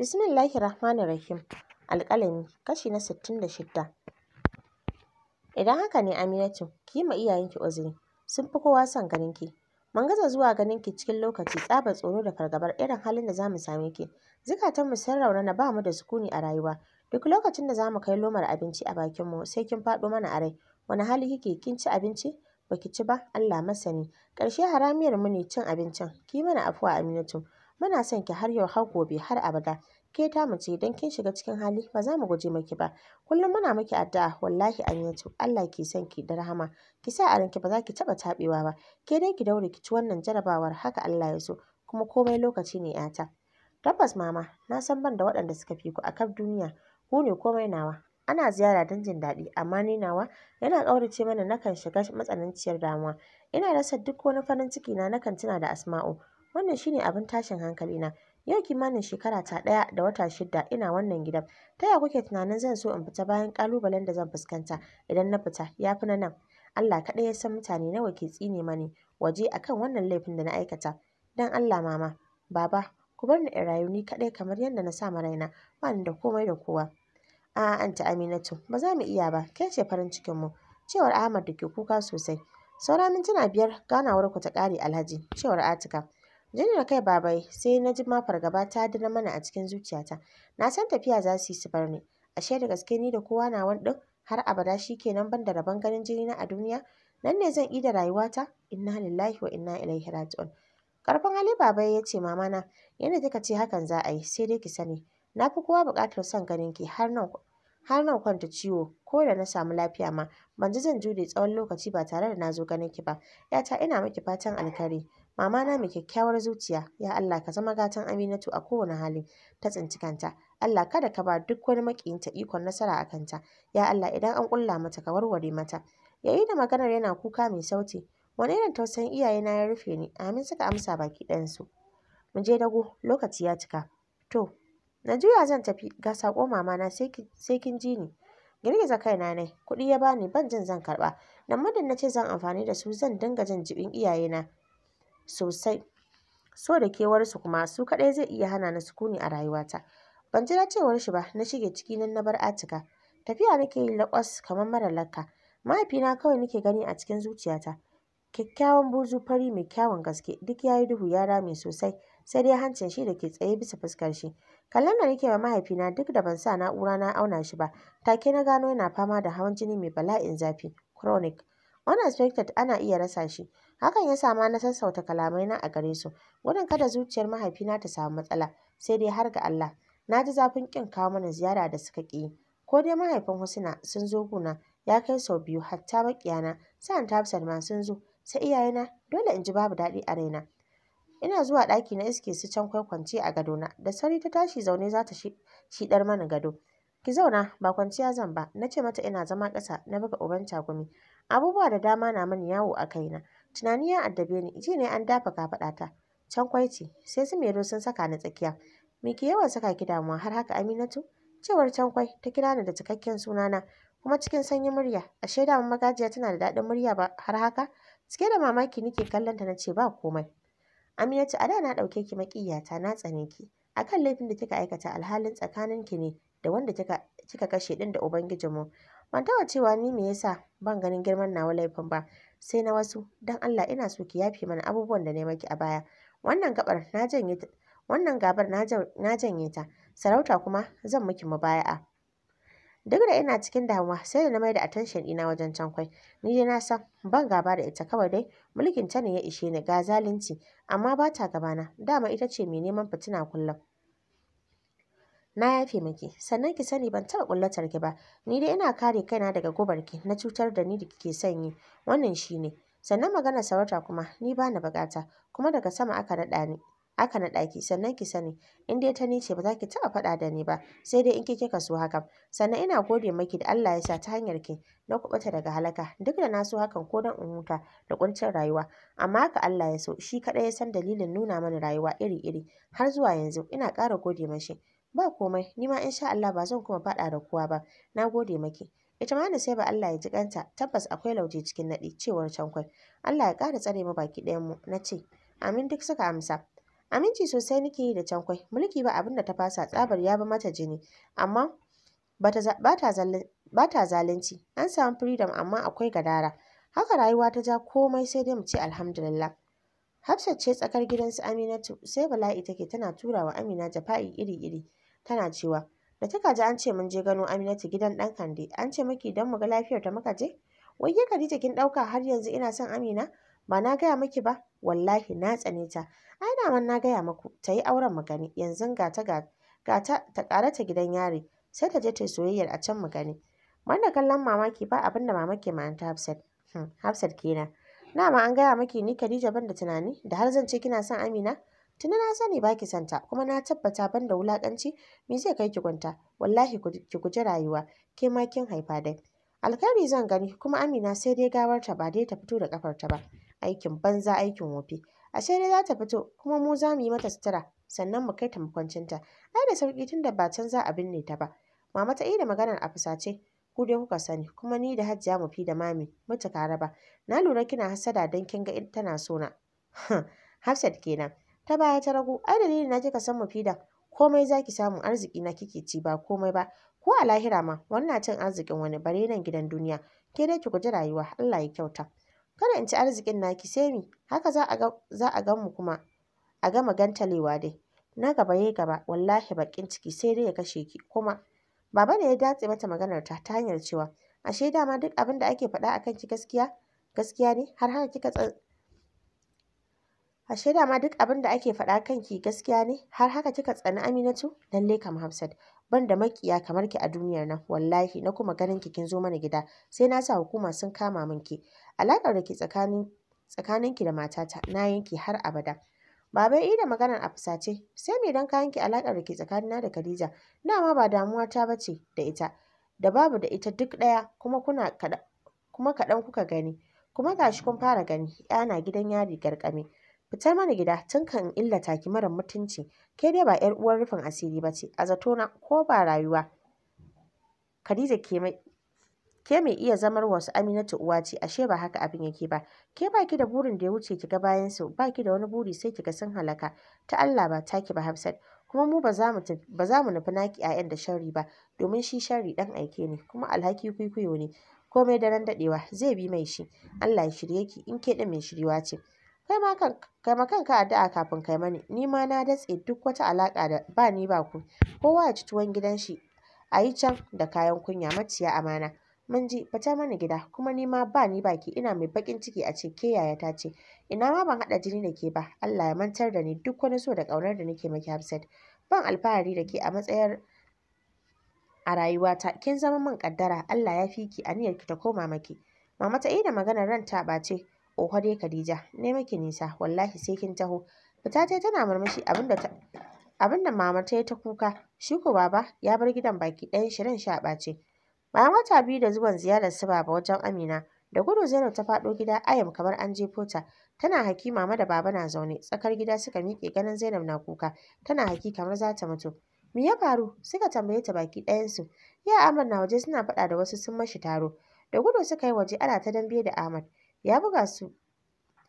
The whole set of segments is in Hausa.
Bismillahi Rahmanir Rahim. Alƙalami kashi na sittin da shidda. Idan haka ne Aminatu, ki yi ma iyayenki uzuri. Sun fi kowa son ganinki. Mun gaza zuwa ganinki cikin lokaci tsabar tsoro da fargabar irin halin da za mu same ki. Zukatanmu sun raunana ba mu da sukuni a rayuwa. Duk lokacin da za mu kai lomar abinci a bakinmu sai kin faɗo mana a rai. Wani hali kike kin ci abinci? Baki ci ba, Allah masani. Ƙarshe haramiyar mu ne cin abincin. Ki mana afuwa Aminatu. Muna son ki har yau har gobe har abada. Ke mu ce idan kin shiga cikin hali ba za mu guje miki ba. Kullum muna miki addu'a wallahi an yi Allah ki son ki da rahama. Ki sa a ranki ba za ki taɓa taɓewa ba. Ke dai ki daure ki ci wannan jarabawar haka Allah ya so kuma komai lokaci ne 'yata. Tabbas mama na san ban da waɗanda suka fi ku a duniya. Ku ne komai nawa. Ana ziyara don jin daɗi amma ni nawa yana ƙaurace mana nakan shiga matsananciyar damuwa. Ina rasa duk wani farin ciki na nakan tuna da Asma'u. Wannan shi ne abin tashin hankali na. Yau kimanin shekara ta ɗaya da wata shidda ina wannan gidan. Ta ya kuke tunanin zan so in fita bayan ƙalubalen da zan fuskanta idan na fita ya fi na nan? Allah kaɗai ya san mutane nawa ke tsine mani waje akan wannan laifin da na aikata. Don Allah Mama, Baba, ku bar ni in rayu ni kaɗai kamar yadda na sa ma raina, ba ni da komai da kowa. A'a anti Aminatu, ba za mu iya ba, ke ce farin cikinmu, cewar Ahmad da ke kuka sosai. Saura mintuna biyar ganawar ku ta ƙare Alhaji, cewar Atika. da kai babai sai na ji ma fargaba ta dira mana a cikin zuciyata. Na san tafiya za su yi su bar ni. Ashe da gaske ni da kowa na wani ɗin har abada shi kenan ban da rabon ganin jini na a duniya. Nan ne zan ida rayuwata inna lillahi wa inna ilaihi raji'un. Karfin hali babai ya ce mama na yadda kika ce hakan za a yi sai dai ki sani na fi kowa buƙatar son ganin ki har nan har nan kwanta ciwo ko da na samu lafiya ma ban ji zan jure tsawon lokaci ba tare da na zo ganin ki ba. 'Yata ina miki fatan alkhairi. Mama na mai kyakkyawar zuciya, ya Allah ka zama gatan Aminatu a kowane hali ta tsinci kanta. Allah kada ka ba duk wani makiyinta ikon nasara a kanta. Ya Allah idan an kulla mata ka warware mata. Yayi da maganar yana kuka mai sauti. Wani irin tausayin iyayena ya rufe ni. Amin suka amsa baki ɗayansu. Mu je dago lokaci ya cika. To, na juya zan tafi ga mama mamana sai kin ji ni. girgiza kaina ne kuɗi ya bani ban jin zan karɓa dan madin na ce zan amfani da su zan dinga jin jibin iyayena sosai so da kewar su kuma su kadai zai iya hana ni sukuni a rayuwata ban jira cewar shi ba na shige ciki nan na bar atika tafiya nake yi laƙwas kamar mara lakka mahaifina kawai nake gani a cikin zuciyata kyakkyawan buzu fari mai kyawun gaske duk yayi duhu ya rame sosai sai dai hancin shi da ke tsaye bisa fuskar shi kallon da nake wa mahaifina duk da ban sa na'ura na auna shi ba take na gano yana fama da hawan jini mai bala'in zafi chronic unexpected ana iya rasa shi hakan ya sa ma na sassauta kalamai na a gare su gudun kada zuciyar mahaifina ta samu matsala sai dai har ga Allah na ji zafin kin kawo mana ziyara da suka ƙi ko dai mahaifin Husna sun zo guna ya kai sau biyu hatta na sa'an Hafsat ma sun zo sai iyayena dole in ji babu daɗi a raina ina zuwa ɗaki na iske su can kwaikwanci a gadona da sauri ta tashi zaune za ta shiɗar mana gado ki zauna ba kwanciya zan ba na ce mata ina zama ƙasa na buga uban tagumi abubuwa da dama na mani yawo a kaina tunani ya addabe ni ji ne an dafa kafaɗata can kwaici sai su mero sun saka ni tsakiya me ke yawan saka ki damuwa har haka aminatu cewar can kwai ta kira ni da cikakken sunana kuma cikin sanyin murya a shaida mun magajiya tana da daɗin murya ba har haka cike da mamaki nake kallon ta nace ba komai aminatu a da na ɗauke ki maƙiyata na tsane ki akan laifin da kika aikata alhalin tsakanin ki ne da wanda kika kika kashe din da ubangijinmu ban taɓa cewa ni me yasa ban ganin girman nawa laifin ba sai na wasu don Allah ina so ki yafe mana abubuwan da na maki a baya wannan gabar na janye ta wannan gabar na janye ta sarauta kuma zan miki mubaya'a duk da ina cikin damuwa sai da na mai da attention ina wajen cankwai ni dai na san ban gaba da ita kawai dai mulkin ta ne ya ishe ni ga zalunci amma ba ta gabana dama ita ce mai neman fitina kullum na yafe miki sannan ki sani ban taɓa kullatar ki ba ni dai ina kare kaina daga gubar ki na cutar da ni da kike sanyi wannan shi ne. sannan magana sarauta kuma ni ba na bukata kuma daga sama aka naɗa ni aka naɗa ki sannan ki sani in dai ta nice ba za ki taɓa faɗa da ni ba sai dai in ki kika so hakan sannan ina gode miki da Allah ya sa ta hanyar ki na kubuta daga halaka duk da na so hakan ko dan in huta da kuncin rayuwa amma haka Allah ya so shi kaɗai ya san dalilin nuna mana rayuwa iri-iri har zuwa yanzu ina ƙara gode mashi Ba komai, ni ma in sha Allah ba zan kuma faɗa da kowa ba. Na gode maki. Ita ma ba Allah ya ji kanta, tabbas akwai lauje cikin nadi, cewar cankwai Allah ya kara tsare mu baki ɗayan mu, na ce. Amin duk suka amsa. Aminci sosai nake yi da cankwai mulki ba abin da ta fasa tsabar ya ba mata jini, amma ba ta zalunci. An samu freedom amma akwai gadara. Haka rayuwa ta ja komai sai dai mu ce alhamdulillah. Hafsat ce tsakar gidan su Aminatu sai bala'i take tana tura wa Amina jafa'i iri-iri tana cewa da ta kaji an ce mun je gano Aminatu gidan ɗan Kande an ce miki don mu ga lafiyar ta muka je wai ke Khadija kin ɗauka har yanzu ina son Amina ba na gaya miki ba wallahi na tsane ta ai man na gaya maku ta yi auren mu gani yanzu ga ta ga ta ta ƙara ta gidan yari sai ta je ta soyayyar a can mu gani wanda kallon mamaki ba abinda da mamaki ma ta Hafsat hmm, Hafsat kenan na an gaya maki ni Khadija ban da tunani da har zan ce kina son Amina Tuna na sani baki ki santa kuma na tabbata ban da wulakanci me zai kai ki gwanta? wallahi ki guji rayuwa ke ma kin haifa dai alkhairi zan gani kuma Amina sai dai gawarta ba dai ta fito da ta ba aikin banza aikin wofi ashe dai za ta fito kuma mu za mu yi mata sutura sannan mu kai ta makwancinta ai da sauki tunda ba can za a binne ta ba mama ta yi da maganar a fusace ku dai kuka sani kuma ni da Hajiya Mafi da Mami mutu raba na lura kina hasada dan kin ga tana so na Hafsat kenan ta baya ta ragu ai dalilin na kika san Mafi da komai zaki samu arziki na kike ci ba komai ba ko a lahira ma wannan cin arzikin wani bare nan gidan duniya ke dai ki guji rayuwa Allah ya kyauta kada in ci arzikin naki sai mi haka za a ga za a gan mu kuma a gama gantalewa dai na gaba yayi gaba wallahi bakin ciki sai dai ya kashe ki kuma Baba ne ya datse mata maganar ta ta hanyar cewa ashe dama duk abin da ake faɗa akan ki gaskiya gaskiya ne har haka kika ashe dama duk abin da ake faɗa kan ki gaskiya ne har haka kika tsani Aminatu lalle kam Hafsat ban da makiya kamar ki a duniyar nan wallahi na kuma ganin ki kin zo mana gida sai na sa hukuma sun kama min ki alakar da ke tsakanin tsakaninki da matata na yanke har abada Baba ya da maganar a fusace, sai me dan kayanki alaƙar da ke tsakanina da Khadija, dama ba damuwa ta bace da ita, da babu da ita duk ɗaya kuma kuna kaɗan kuka gani, kuma gashi kun fara gani, ya na gidan yari garƙame. Fitar mana gida tun kan in illata ki marar mutunci, ke dai ba 'yar uwar rufin asiri bace, a zatona ko ba rayuwa Khadija ke Ke mai iya zamar wasu Aminatu uwa ce ashe ba haka abin yake ba. Ke baki da burin da ya wuce kiga bayan su, baki da wani buri sai kiga sun halaka. Ta Allah ba taki ba Hafsat. Kuma mu ba za mu ba nufi naki 'ya'yan da sharri ba domin shi sharri dan aike ne kuma alhaki kwikwiyo ne. Komai daren daɗewa zai bi mai shi. Allah ya shirye ki in ke ɗin mai shiriwa ce. Kai ma kan kanka addu'a kafin kai mani. Ni ma na datse duk wata alaƙa da ba ni ba ku. Kowa ya ci tuwon gidan shi. A yi can da kayan kunya maciya amana. mun ji fita mana gida kuma ni ma ba ni baki ina mai bakin ciki a ce ke yaya ta ce ina ma ban haɗa jini da ke ba Allah ya mantar da ni duk wani so da kaunar da nake maki Hafsat ban alfahari da ke a matsayar a rayuwata kin zama min kaddara Allah ya fi ki aniyar ki ta koma maki mama ta ida eh maganar ran ta ce oho dai Khadija ne maki nisa wallahi sai kin taho fita ta tana murmushi abinda ta abinda mama ta yi ta kuka shi ko baba ya bar gidan baki ɗayan shirin sha ɓace Bayan wata biyu da zuwan ziyarar su Baba wajen Amina, da gudu Zainab ta faɗo gida ayam kamar an jefo ta. Tana haki Mama da Baba na zaune, tsakar gida suka miƙe ganin Zainab na kuka, tana haki kamar za ta mutu. Me ya faru? Suka tambaye ta baki ɗayansu. Ya Ahmad na waje suna faɗa da wasu sun mashi taro. Da gudu suka yi waje ana ta dambe da Ahmad. Ya buga su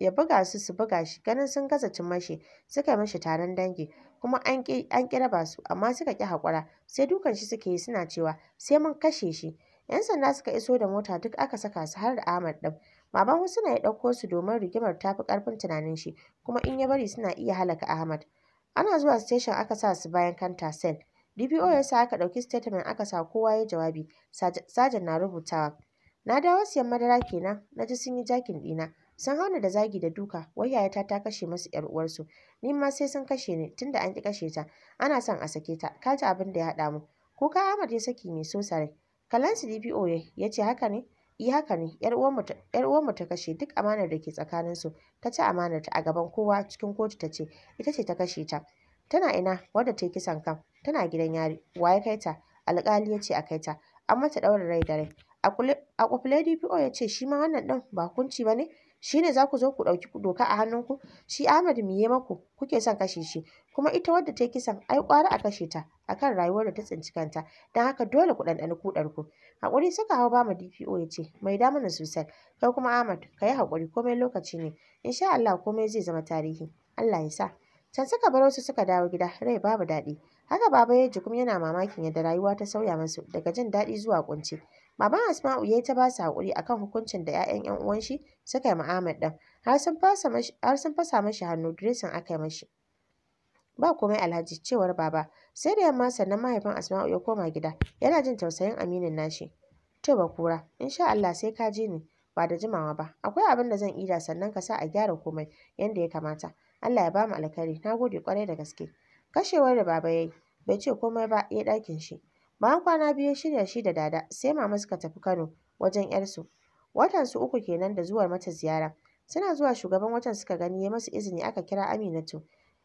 ya buga su su buga shi ganin sun gaza cin mashi suka mashi taron dangi kuma an ƙi raba su amma suka ƙi haƙura sai dukan shi suke yi suna cewa sai mun kashe shi 'yan sanda suka iso da mota duk aka saka su har da Ahmad ɗin Baban Husna ya ɗauko su domin rigimar ta fi ƙarfin tunanin shi, kuma in ya bari suna iya halaka Ahmad. Ana zuwa station aka sa su bayan kanta sel. DPO ya sa aka ɗauki statement aka sa kowa ya jawabi, sajan na rubutawa. Na dawo siyan madara kenan, na ji sun yi jakin ɗina. sun hauna da zagi da duka wai yayata ta kashe masu yar uwarsu ni ma sai sun kashe ni tunda an ki kashe ta ana son a sake ta ka ji abin da ya haɗa mu kuka Ahmad ya saki mai so sare kalansu DPO ya ce haka ne yi e, haka ne yar mu ta kashe duk amanar da ke tsakaninsu ta ci amanar ta a gaban kowa cikin kotu ta ce ita ce ta kashe ta tana ina wadda ta yi kisan kan tana gidan yari wa ya kai ta alƙali ya ce a kai ta an mata ɗaurin rai da rai a kufle dpo ya ce shi ma wannan ɗin ba hukunci ba ne shi ne za ku zo ku ɗauki doka a hannunku shi ahmad yi maku kuke son kashe shi kuma ita wadda ta yi kisan ai ƙwara a kashe ta akan rayuwar da ta tsinci kanta don haka dole ku ɗanɗani kuɗar ku haƙuri suka hau ba mu dpo ya ce mai damuna sosai kai kuma ahmad ka yi haƙuri komai lokaci ne insha allah komai zai zama tarihi allah ya sa can suka bar wasu suka dawo gida rai babu daɗi haka baba ya jikum yana mamakin yadda rayuwa ta sauya masu daga jin daɗi zuwa ƙunci Baban Asma'u ya yi ta ba su haƙuri akan hukuncin da 'ya'yan 'yan uwan shi suka yi mu'amar ɗin har sun fasa mashi hannu diresin aka yi mashi. Ba komai Alhaji cewar baba sai da yamma sannan mahaifin Asma'u ya koma gida yana jin tausayin aminin nashi. To ba in sha Allah sai ka ji ni ba da jimawa ba akwai abin da zan ida sannan ka sa a gyara komai yadda ya kamata. Allah ya bamu alkhairi na gode kwarai da gaske. Kashewar da baba ya yi bai ce komai ba ya ɗakin shi. Bayan kwana biyu ya shirya shi da Dada sai Mama suka tafi Kano wajen 'yarsu. su uku kenan da zuwa mata ziyara. Suna zuwa shugaban watan suka gani ya masu izini aka kira Aminatu.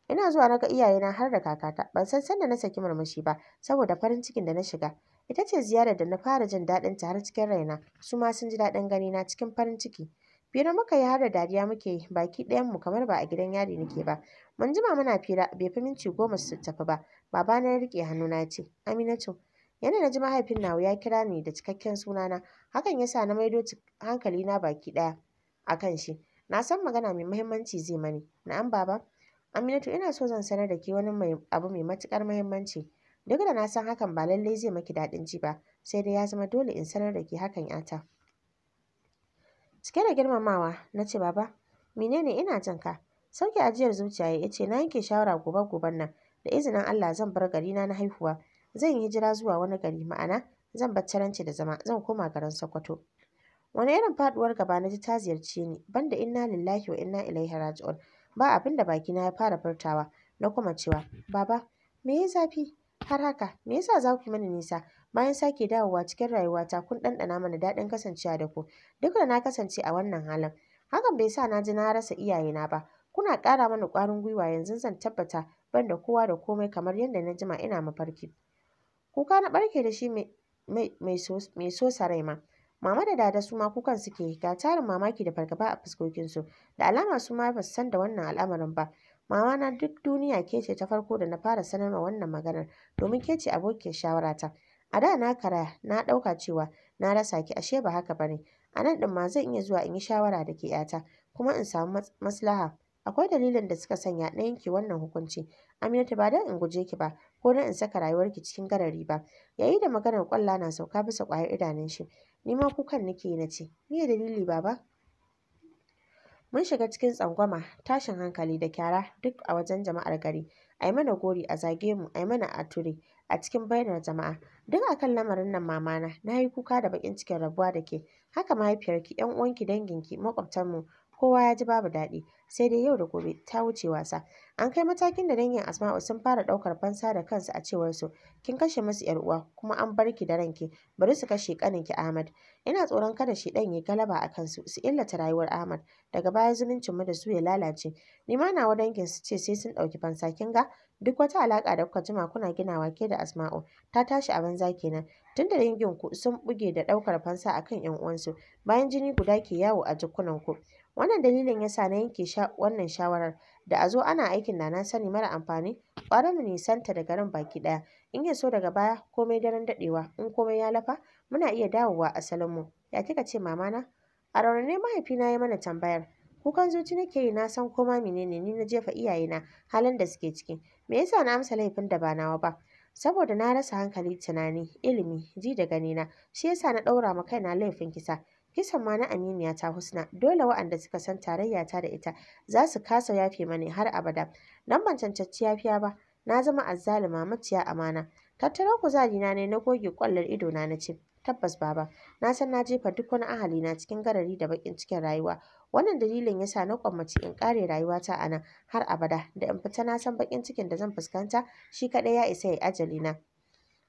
Ina zuwa na ga iyayena har da kakata. Ban san sanda na saki murmushi ba saboda farin cikin da na shiga. Ita ce ziyarar da na fara jin daɗin ta har cikin raina. Su ma sun ji daɗin ganina cikin farin ciki. Fira muka yi har da dariya muke yi baki mu kamar ba a gidan yari nake ba. Mun jima muna fira bai fi minti goma su tafi ba. Babana ya riƙe hannuna ya ce, Aminatu, Yana na ji mahaifin nawa ya kira ni da cikakken sunana, hakan ya sa na maido na baki ɗaya a kan shi. Na san magana mai muhimmanci zai mani. Na'am Baba. Aminatu ina so zan sanar da ke wani abu mai matukar muhimmanci. Duk da na san hakan ba lallai zai maki daɗin ji ba, sai dai ya zama dole in sanar da ke hakan 'yata. Cike da girmamawa na ce Baba, menene ina jin ka? Sauke ajiyar zuciya ya ce na yanke shawara gobe goben nan da izinin Allah zan bar garina na haihuwa zan yi jira zuwa wani gari ma'ana zan baccaranci da zama zan koma garin Sokoto wani irin faduwar gaba na ji ta ziyarce ni banda inna lillahi wa inna ilaihi raji'un ba abin da bakina ya fara furtawa na kuma cewa baba me ya zafi har haka me yasa za ku yi mani nisa bayan sake dawowa cikin rayuwata kun ɗanɗana mana daɗin kasancewa da ku duk da na kasance a wannan halin hakan bai sa na ji na rasa iyayena ba kuna ƙara mana ƙwarin gwiwa yanzu zan tabbata ban da kowa da komai kamar yadda na jima ina mafarki kuka na barke da shi mai so sarai ma mama da dada su ma kukan suke ga tarin mamaki da fargaba a fuskokinsu da alama su ma ba san da wannan al'amarin ba mama na duk duniya ke ce ta farko da na fara sanar ma wannan maganar domin ke ce shawara shawarata a da na kara na ɗauka cewa na rasa ki ashe ba haka bane a nan ɗin ma zan iya zuwa in yi shawara da ke yata kuma in samu maslaha akwai dalilin da suka sanya na yanke wannan hukunci aminatu ba don in guje ki ba ko na in saka rayuwarki cikin garari ba yayi da maganar kwalla na sauka bisa ƙwayar idanun shi ni ma kukan nake na ce me dalili baba mun shiga cikin tsangwama tashin hankali da kyara duk a wajen jama'ar gari ai mana gori a zage mu ai mana a ture a cikin bainar jama'a duk a kan lamarin nan mama na yi kuka da bakin cikin rabuwa da ke haka mahaifiyarki yan uwanki dangin ki, danginki mu. kowa ya ji babu daɗi sai dai yau da gobe ta wuce wasa an kai matakin da dangin asma'u sun fara ɗaukar fansa da kansu a cewar su kin kashe musu yar uwa kuma an bar ki da ranki bari su kashe ki ahmad ina tsoron kada shi ɗan ya galaba a kansu su illata rayuwar ahmad daga baya zumuncin mu da su ya lalace ni ma nawa dangin su ce sai sun ɗauki fansa kin ga duk wata alaƙa da kuka jima kuna ginawa ke da asma'u ta tashi a banza kenan dangin ku sun buge da ɗaukar fansa a kan 'yan uwansu bayan jini guda ke yawo a ku Wannan dalilin ya sa na yanke wannan shawarar da a zo ana aikin na na sani mara amfani ƙwara mu nisanta da garin baki ɗaya in ya so daga baya komai daren daɗewa in komai ya lafa muna iya dawowa asalin mu ya kika ce mamana a raunane mahaifina ya mana tambayar kukan zuci nake yi na san koma menene ni na jefa iyayena halin da suke ciki me yasa na amsa laifin da ba nawa ba saboda na rasa hankali tunani ilimi ji da ganina shi yasa na ɗaura ma kaina laifin kisa kisan ma na aminiya ta husna dole waɗanda suka san tarayya ta da ita za su kasa yafe mani har abada dan ban cancanci yafiya ba na zama azzalima maciya amana tattaro kuzari na ne na goge kwallar ido na na ce tabbas baba na san na jefa duk wani ahali na cikin garari da bakin cikin rayuwa wannan dalilin yasa na kwammaci in kare rayuwata a nan har abada da in fita na san bakin cikin da zan fuskanta shi kaɗai ya isa ya ajali na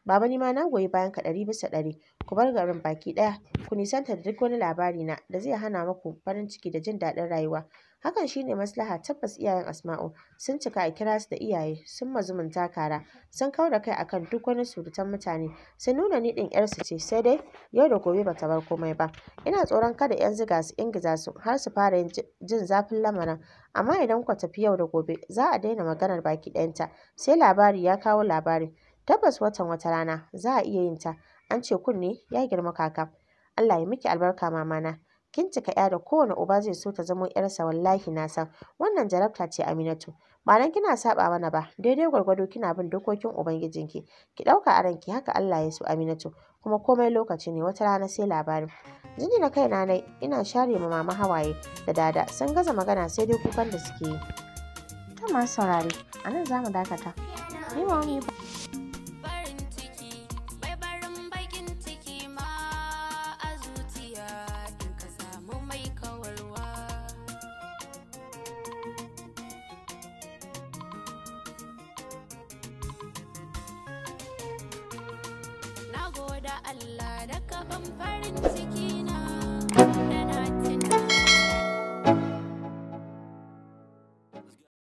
Baba ni ma na goyi bayan ka ɗari bisa ɗari. Ku bar garin baki ɗaya. Ku nisanta da duk wani labari na da zai hana muku farin ciki da jin daɗin rayuwa. Hakan shine maslaha. Tabbas iyayen Asma'u sun cika a kira su da iyaye, sun ma zumunta kara, sun kau da kai akan duk wani surutan mutane, sun nuna ni ɗin 'yarsu ce, sai dai yau da gobe bata bar komai ba. Ina tsoron kada 'yan ziga su ingiza su har su fara jin zafin lamarin. Amma idan kuka tafi yau da gobe, za a daina maganar baki ɗayanta, sai labari ya kawo labari. Tabbas watan wata rana za a iya yin ta. An ce kunne ya girma kaka. Allah ya miki albarka mamana. Kin cika ‘ya da kowane uba zai so ta zamo ‘yarsa wallahi na san. Wannan jarabta ce Aminatu. Ba nan kina saba mana ba, daidai gwargwado kina bin dokokin Ubangijinki. Ki ɗauka a ranki haka Allah ya so Aminatu. Kuma komai lokaci ne wata rana sai labarin. Jini na kaina nai ina share ma mama hawaye da dada sun gaza magana sai dai kukan da suke yi. Ta masu saurare, a nan za mu dakata. Ni ma wani